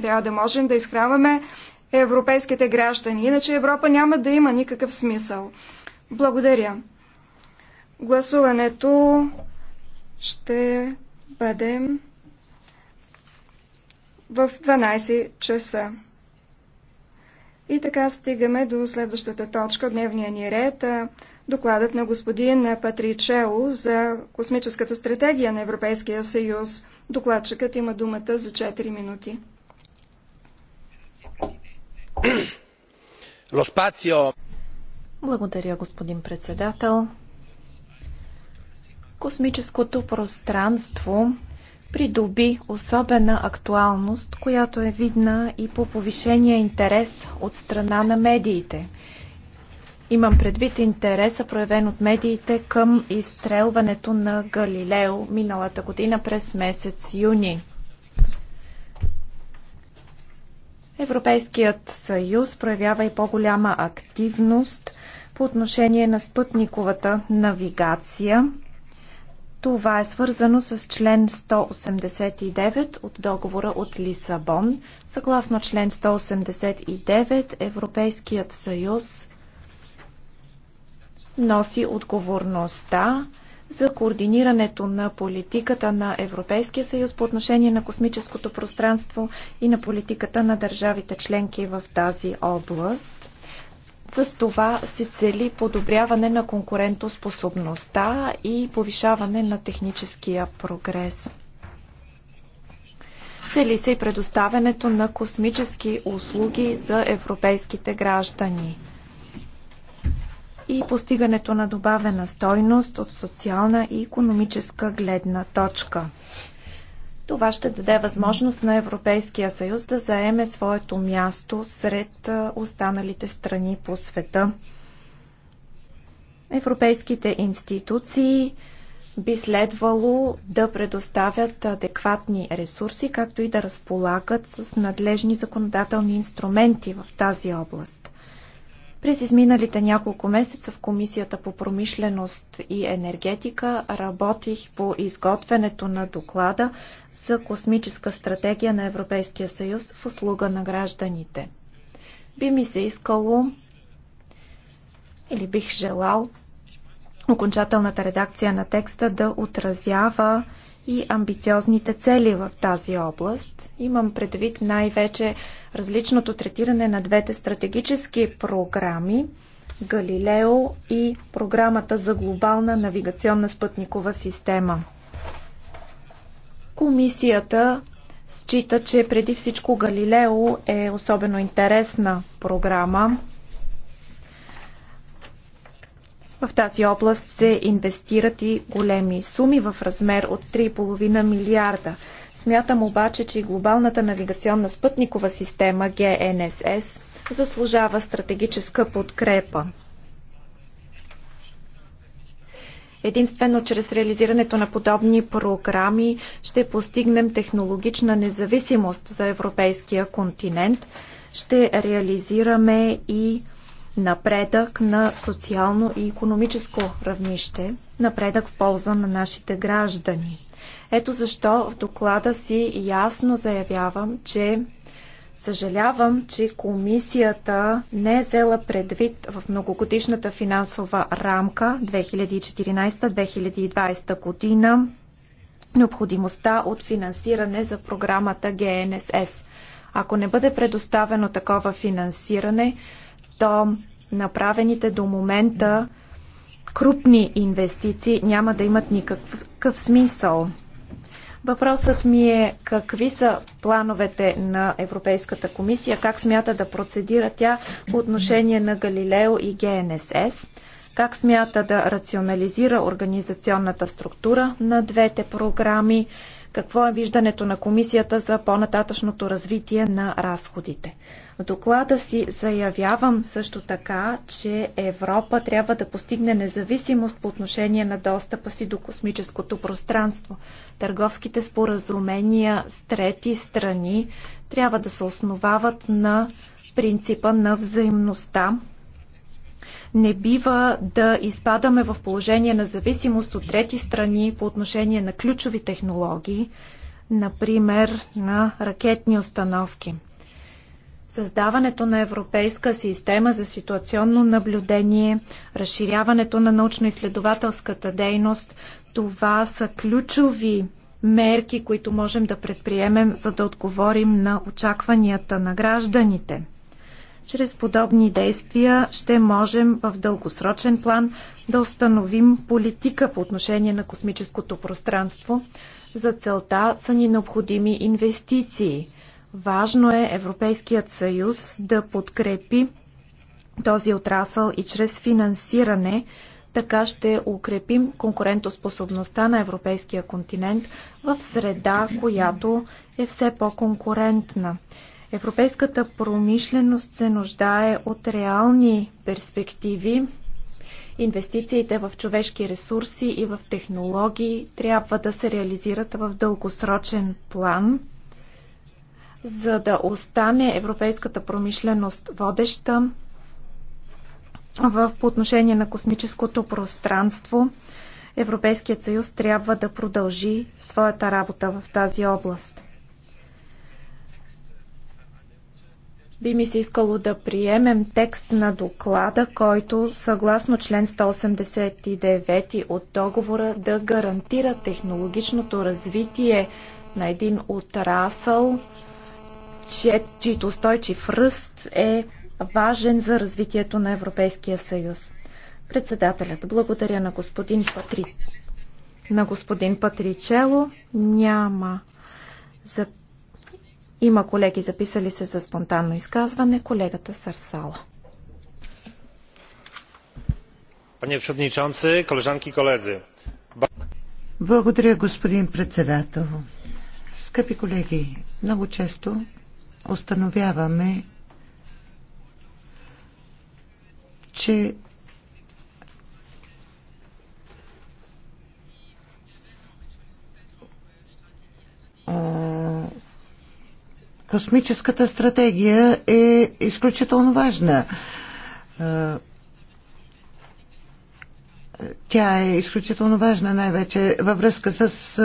Трябва да можем да изхранваме европейските граждани, иначе Европа няма да има никакъв смисъл. Благодаря. Гласуването ще бъде в 12 часа. И така стигаме до следващата точка от дневния ни ред. Докладът на господин Патричело за космическата стратегия на Европейския съюз. Докладчикът има думата за 4 минути. Благодаря, господин председател. Космическото пространство придоби особена актуалност, която е видна и по повишения интерес от страна на медиите. Имам предвид интереса, проявен от медиите към изстрелването на Галилео миналата година през месец юни. Европейският съюз проявява и по-голяма активност по отношение на спътниковата навигация. Това е свързано с член 189 от договора от Лисабон. Съгласно член 189 Европейският съюз носи отговорността за координирането на политиката на Европейския съюз по отношение на космическото пространство и на политиката на държавите членки в тази област. С това се цели подобряване на конкурентоспособността и повишаване на техническия прогрес. Цели се и предоставянето на космически услуги за европейските граждани – и постигането на добавена стойност от социална и економическа гледна точка. Това ще даде възможност на Европейския съюз да заеме своето място сред останалите страни по света. Европейските институции би следвало да предоставят адекватни ресурси, както и да разполагат с надлежни законодателни инструменти в тази област. През изминалите няколко месеца в Комисията по промишленост и енергетика работих по изготвянето на доклада за космическа стратегия на Европейския съюз в услуга на гражданите. Би ми се искало или бих желал окончателната редакция на текста да отразява и амбициозните цели в тази област. Имам предвид най-вече различното третиране на двете стратегически програми Галилео и програмата за глобална навигационна спътникова система. Комисията счита, че преди всичко Галилео е особено интересна програма, В тази област се инвестират и големи суми в размер от 3,5 милиарда. Смятам обаче, че и глобалната навигационна спътникова система GNSS заслужава стратегическа подкрепа. Единствено чрез реализирането на подобни програми ще постигнем технологична независимост за европейския континент, ще реализираме и напредък на социално и економическо равнище, напредък в полза на нашите граждани. Ето защо в доклада си ясно заявявам, че съжалявам, че комисията не е взела предвид в многогодишната финансова рамка 2014-2020 година необходимостта от финансиране за програмата ГНСС. Ако не бъде предоставено такова финансиране, защо направените до момента крупни инвестиции няма да имат никакъв смисъл. Въпросът ми е какви са плановете на Европейската комисия, как смята да процедира тя по отношение на Галилео и ГНСС, как смята да рационализира организационната структура на двете програми, какво е виждането на комисията за по-нататъчното развитие на разходите доклада си заявявам също така, че Европа трябва да постигне независимост по отношение на достъпа си до космическото пространство. Търговските споразумения с трети страни трябва да се основават на принципа на взаимността. Не бива да изпадаме в положение на зависимост от трети страни по отношение на ключови технологии, например на ракетни установки. Създаването на европейска система за ситуационно наблюдение, разширяването на научно-изследователската дейност, това са ключови мерки, които можем да предприемем, за да отговорим на очакванията на гражданите. Чрез подобни действия ще можем в дългосрочен план да установим политика по отношение на космическото пространство. За целта са ни необходими инвестиции – Важно е Европейският съюз да подкрепи този отрасъл и чрез финансиране така ще укрепим конкурентоспособността на европейския континент в среда, която е все по-конкурентна. Европейската промишленост се нуждае от реални перспективи. Инвестициите в човешки ресурси и в технологии трябва да се реализират в дългосрочен план – за да остане европейската промишленост водеща в, по отношение на космическото пространство, Европейският съюз трябва да продължи своята работа в тази област. би ми се искало да приемем текст на доклада, който съгласно член 189 от договора да гарантира технологичното развитие на един отрасъл, Чийто чието устойчив ръст е важен за развитието на Европейския съюз. Председателят, благодаря на господин Патри. На господин Патричело няма. За... Има колеги записали се за спонтанно изказване. Колегата Сарсала. Пане przewodniczący, колежанки и колези. Благодаря, господин председател. Скъпи колеги, много често установяваме, че космическата стратегия е изключително важна. Тя е изключително важна най-вече във връзка с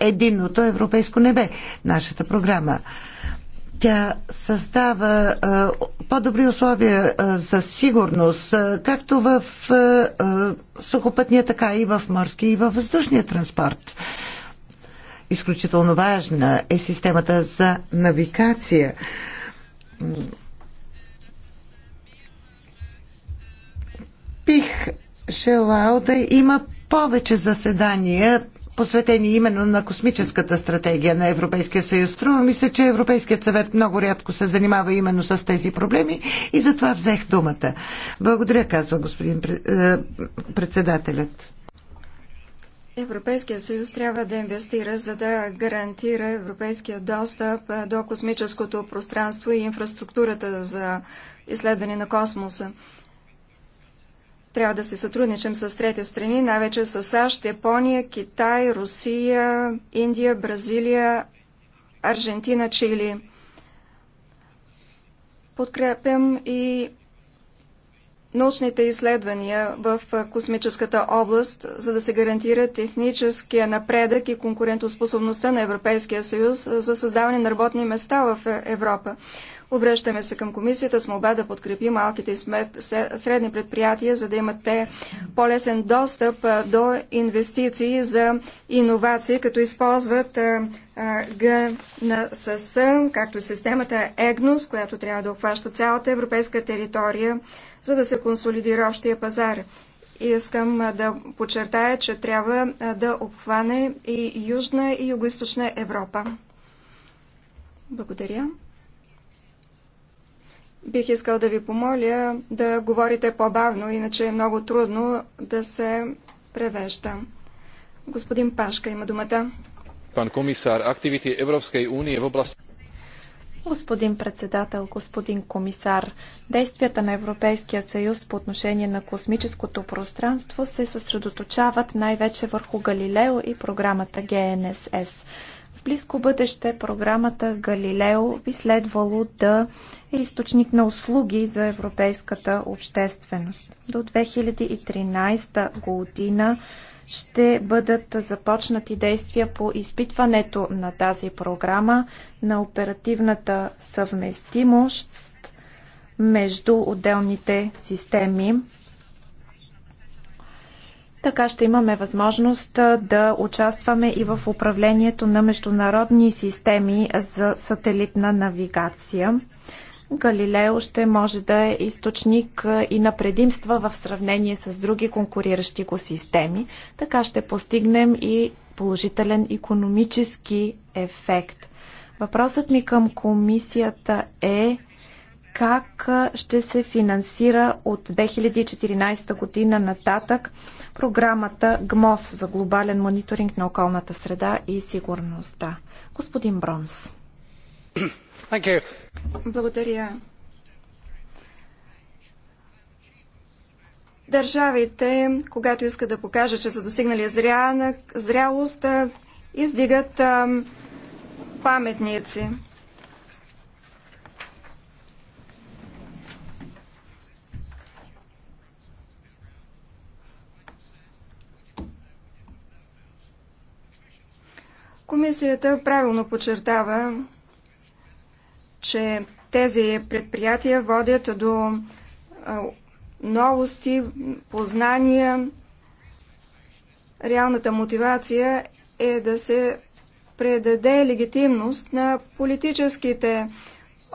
единното европейско небе, нашата програма. Тя създава по-добри условия за сигурност, както в сухопътния, така и в морски и във въздушния транспорт. Изключително важна е системата за навигация. Бих желал да има повече заседания посветени именно на космическата стратегия на Европейския съюз. Струва ми се, че Европейският съвет много рядко се занимава именно с тези проблеми и затова взех думата. Благодаря, казва господин е, председателят. Европейския съюз трябва да инвестира, за да гарантира европейския достъп е, до космическото пространство и инфраструктурата за изследване на космоса. Трябва да се сътрудничим с трети страни, най-вече с САЩ, Япония, Китай, Русия, Индия, Бразилия, Аржентина, Чили. Подкрепям и научните изследвания в космическата област, за да се гарантира техническия напредък и конкурентоспособността на Европейския съюз за създаване на работни места в Европа. Обръщаме се към комисията с молба да подкрепи малките и средни предприятия, за да имат те по-лесен достъп до инвестиции за иновации, като използват ГНСС, както и системата ЕГНОС, която трябва да обхваща цялата европейска територия за да се консолидира общия пазар. Искам да подчертая, че трябва да обхване и Южна и Югоизточна Европа. Благодаря. Бих искал да ви помоля да говорите по-бавно, иначе е много трудно да се превежда. Господин Пашка има думата. Пан комисар, активити Европейской унии в област. Господин председател, господин комисар, действията на Европейския съюз по отношение на космическото пространство се съсредоточават най-вече върху Галилео и програмата ГНСС. В близко бъдеще програмата Галилео би следвало да е източник на услуги за европейската общественост. До 2013 година ще бъдат започнати действия по изпитването на тази програма на оперативната съвместимост между отделните системи. Така ще имаме възможност да участваме и в управлението на международни системи за сателитна навигация. Галилео ще може да е източник и на предимства в сравнение с други конкуриращи го системи. Така ще постигнем и положителен економически ефект. Въпросът ми към комисията е как ще се финансира от 2014 година нататък програмата ГМОС за глобален мониторинг на околната среда и сигурността. Господин Бронс. Благодаря. Държавите, когато искат да покажат, че са достигнали зрялост, издигат паметници. Комисията правилно подчертава, че тези предприятия водят до новости, познания. Реалната мотивация е да се предаде легитимност на политическите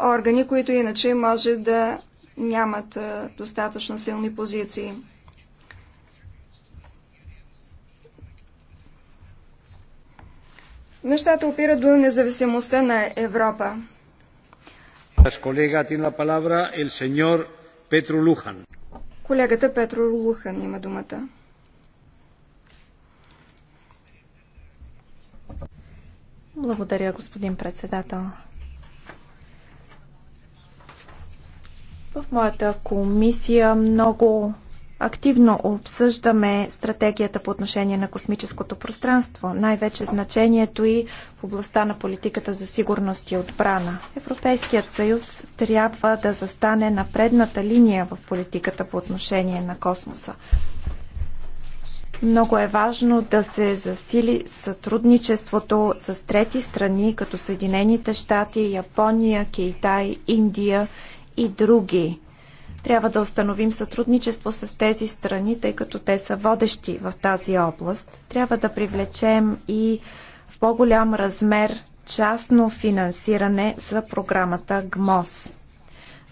органи, които иначе може да нямат достатъчно силни позиции. Нещата опират до независимостта на Европа. Колегата Петро Лухан има думата. Благодаря, господин председател. В моята комисия много Активно обсъждаме стратегията по отношение на космическото пространство, най-вече значението и в областта на политиката за сигурност и отбрана. Европейският съюз трябва да застане на предната линия в политиката по отношение на космоса. Много е важно да се засили сътрудничеството с трети страни, като Съединените щати, Япония, Китай, Индия и други трябва да установим сътрудничество с тези страни, тъй като те са водещи в тази област. Трябва да привлечем и в по-голям размер частно финансиране за програмата ГМОС.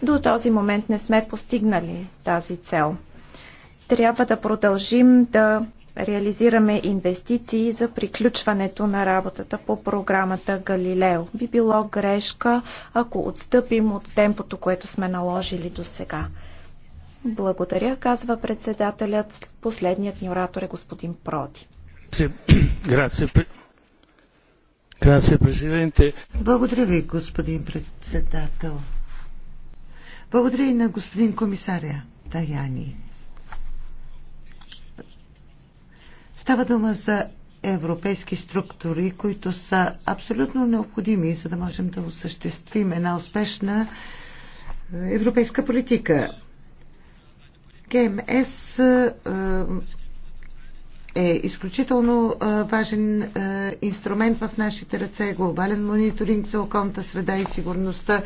До този момент не сме постигнали тази цел. Трябва да продължим да реализираме инвестиции за приключването на работата по програмата Галилео. Би било грешка, ако отстъпим от темпото, което сме наложили до сега. Благодаря, казва председателят. Последният ни оратор е господин Проди. Благодаря ви, господин председател. Благодаря и на господин комисаря Таяни. Става дума за европейски структури, които са абсолютно необходими, за да можем да осъществим една успешна е, европейска политика. ГМС е, е изключително е, важен инструмент в нашите ръце, глобален мониторинг за околната среда и сигурността.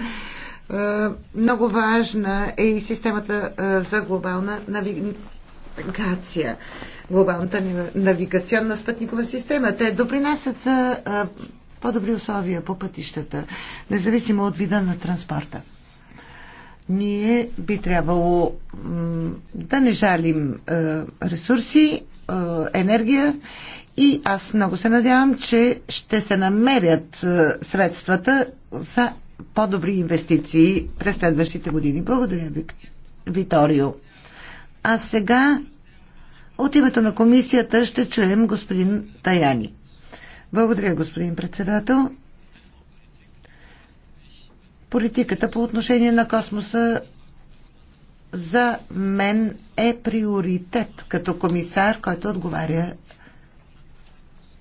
Много важна е и системата за глобална навигация навигация, глобалната навигационна спътникова система. Те допринасят за по-добри условия по пътищата, независимо от вида на транспорта. Ние би трябвало да не жалим ресурси, енергия и аз много се надявам, че ще се намерят средствата за по-добри инвестиции през следващите години. Благодаря ви, Виторио. А сега от името на комисията ще чуем господин Таяни. Благодаря, господин председател. Политиката по отношение на космоса за мен е приоритет като комисар, който отговаря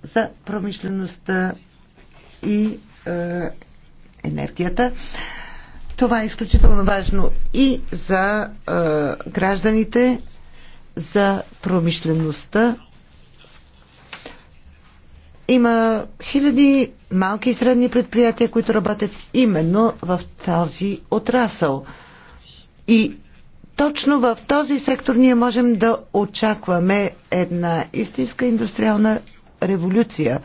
за промишлеността и е, енергията. Това е изключително важно и за е, гражданите, за промишлеността. Има хиляди малки и средни предприятия, които работят именно в този отрасъл. И точно в този сектор ние можем да очакваме една истинска индустриална революция,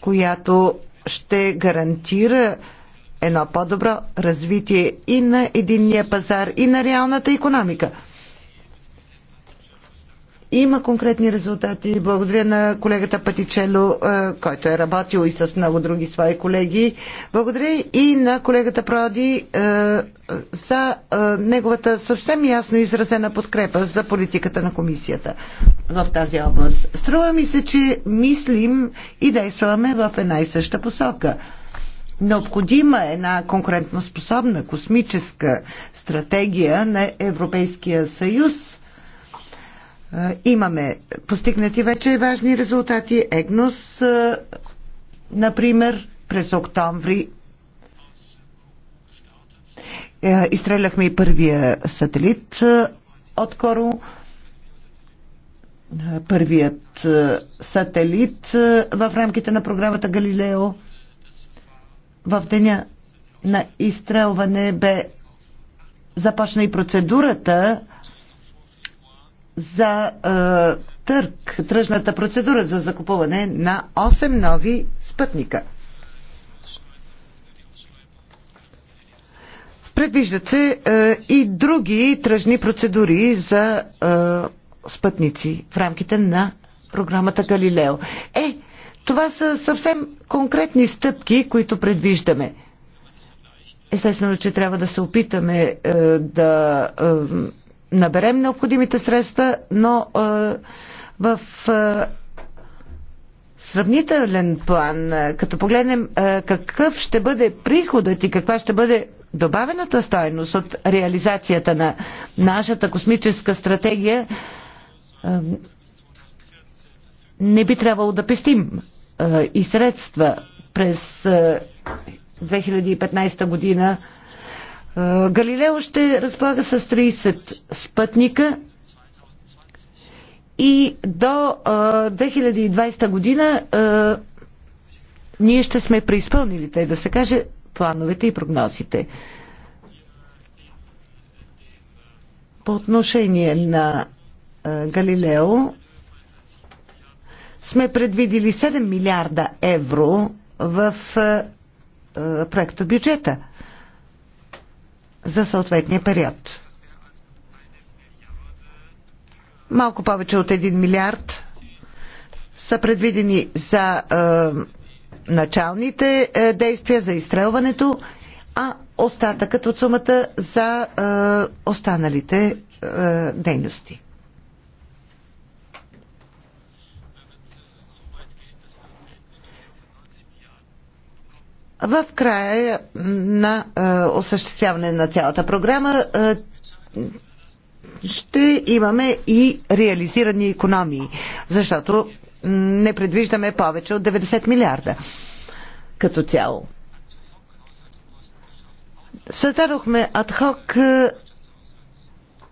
която ще гарантира едно по-добро развитие и на единния пазар, и на реалната економика. Има конкретни резултати. Благодаря на колегата Патичело, е, който е работил и с много други свои колеги. Благодаря и на колегата Проди е, за е, неговата съвсем ясно изразена подкрепа за политиката на комисията в тази област. Струва ми се, че мислим и действаме в една и съща посока – Необходима е една конкурентоспособна космическа стратегия на Европейския съюз. Е, имаме постигнати вече важни резултати. ЕГНОС, е, например, през октомври е, изстреляхме и първия сателит откоро. Първият сателит в рамките на програмата Галилео – в деня на изстрелване бе започна и процедурата за е, търк, тръжната процедура за закупуване на 8 нови спътника. Предвиждат се е, и други тръжни процедури за е, спътници в рамките на програмата Галилео. Е, това са съвсем конкретни стъпки, които предвиждаме. Естествено, че трябва да се опитаме е, да е, наберем необходимите средства, но е, в е, сравнителен план, е, като погледнем е, какъв ще бъде приходът и каква ще бъде добавената стойност от реализацията на нашата космическа стратегия, е, не би трябвало да пестим и средства през 2015 година. Галилео ще разполага с 30 спътника и до 2020 година ние ще сме преизпълнили, тъй да се каже, плановете и прогнозите. По отношение на Галилео, сме предвидили 7 милиарда евро в е, е, проекта бюджета за съответния период. Малко повече от 1 милиард са предвидени за е, началните е, действия, за изстрелването, а остатъкът от сумата за е, останалите е, дейности. в края на е, осъществяване на цялата програма е, ще имаме и реализирани економии, защото не предвиждаме повече от 90 милиарда като цяло. Създадохме адхок е,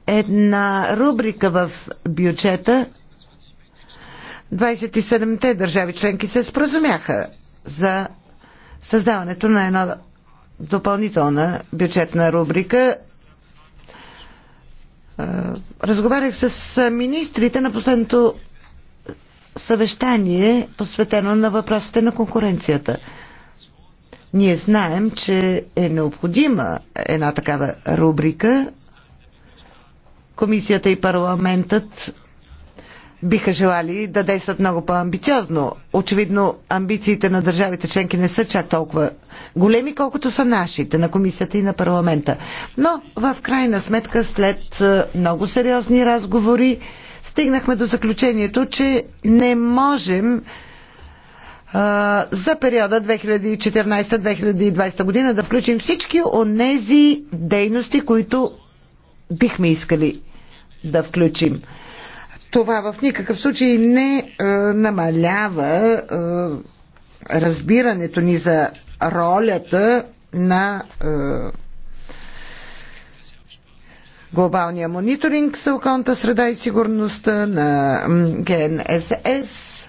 една рубрика в бюджета. 27-те държави членки се споразумяха за създаването на една допълнителна бюджетна рубрика. Е, разговарях с министрите на последното съвещание, посветено на въпросите на конкуренцията. Ние знаем, че е необходима една такава рубрика. Комисията и парламентът биха желали да действат много по-амбициозно. Очевидно, амбициите на държавите членки не са чак толкова големи, колкото са нашите, на комисията и на парламента. Но, в крайна сметка, след е, много сериозни разговори, стигнахме до заключението, че не можем е, за периода 2014-2020 година да включим всички онези дейности, които бихме искали да включим това в никакъв случай не е, намалява е, разбирането ни за ролята на е, глобалния мониторинг с околната среда и сигурността на ГНСС.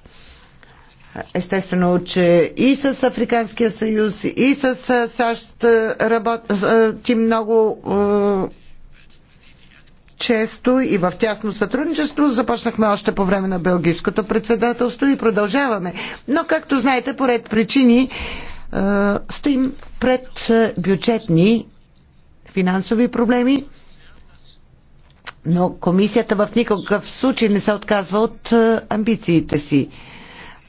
Естествено, че и с Африканския съюз, и с е, САЩ е, работи е, много често и в тясно сътрудничество. Започнахме още по време на Белгийското председателство и продължаваме. Но, както знаете, поред причини е, стоим пред е, бюджетни финансови проблеми, но комисията в никакъв случай не се отказва от е, амбициите си.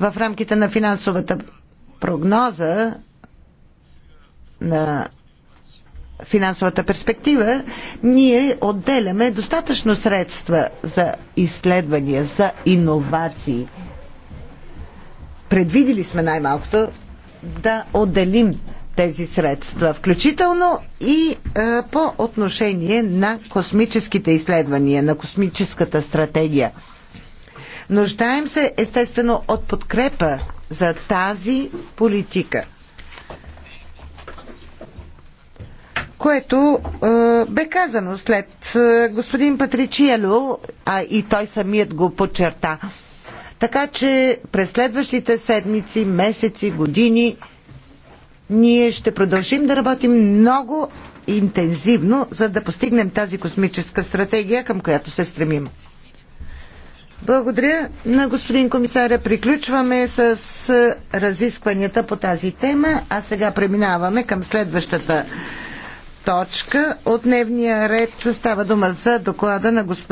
В рамките на финансовата прогноза на финансовата перспектива ние отделяме достатъчно средства за изследвания, за иновации. Предвидили сме най-малкото да отделим тези средства, включително и е, по отношение на космическите изследвания, на космическата стратегия. Нуждаем се естествено от подкрепа за тази политика – което е, бе казано след е, господин Патричиело, а и той самият го подчерта. Така че през следващите седмици, месеци, години ние ще продължим да работим много интензивно, за да постигнем тази космическа стратегия, към която се стремим. Благодаря на господин комисаря. Приключваме с е, разискванията по тази тема, а сега преминаваме към следващата точка от дневния ред. Става дума за доклада на господин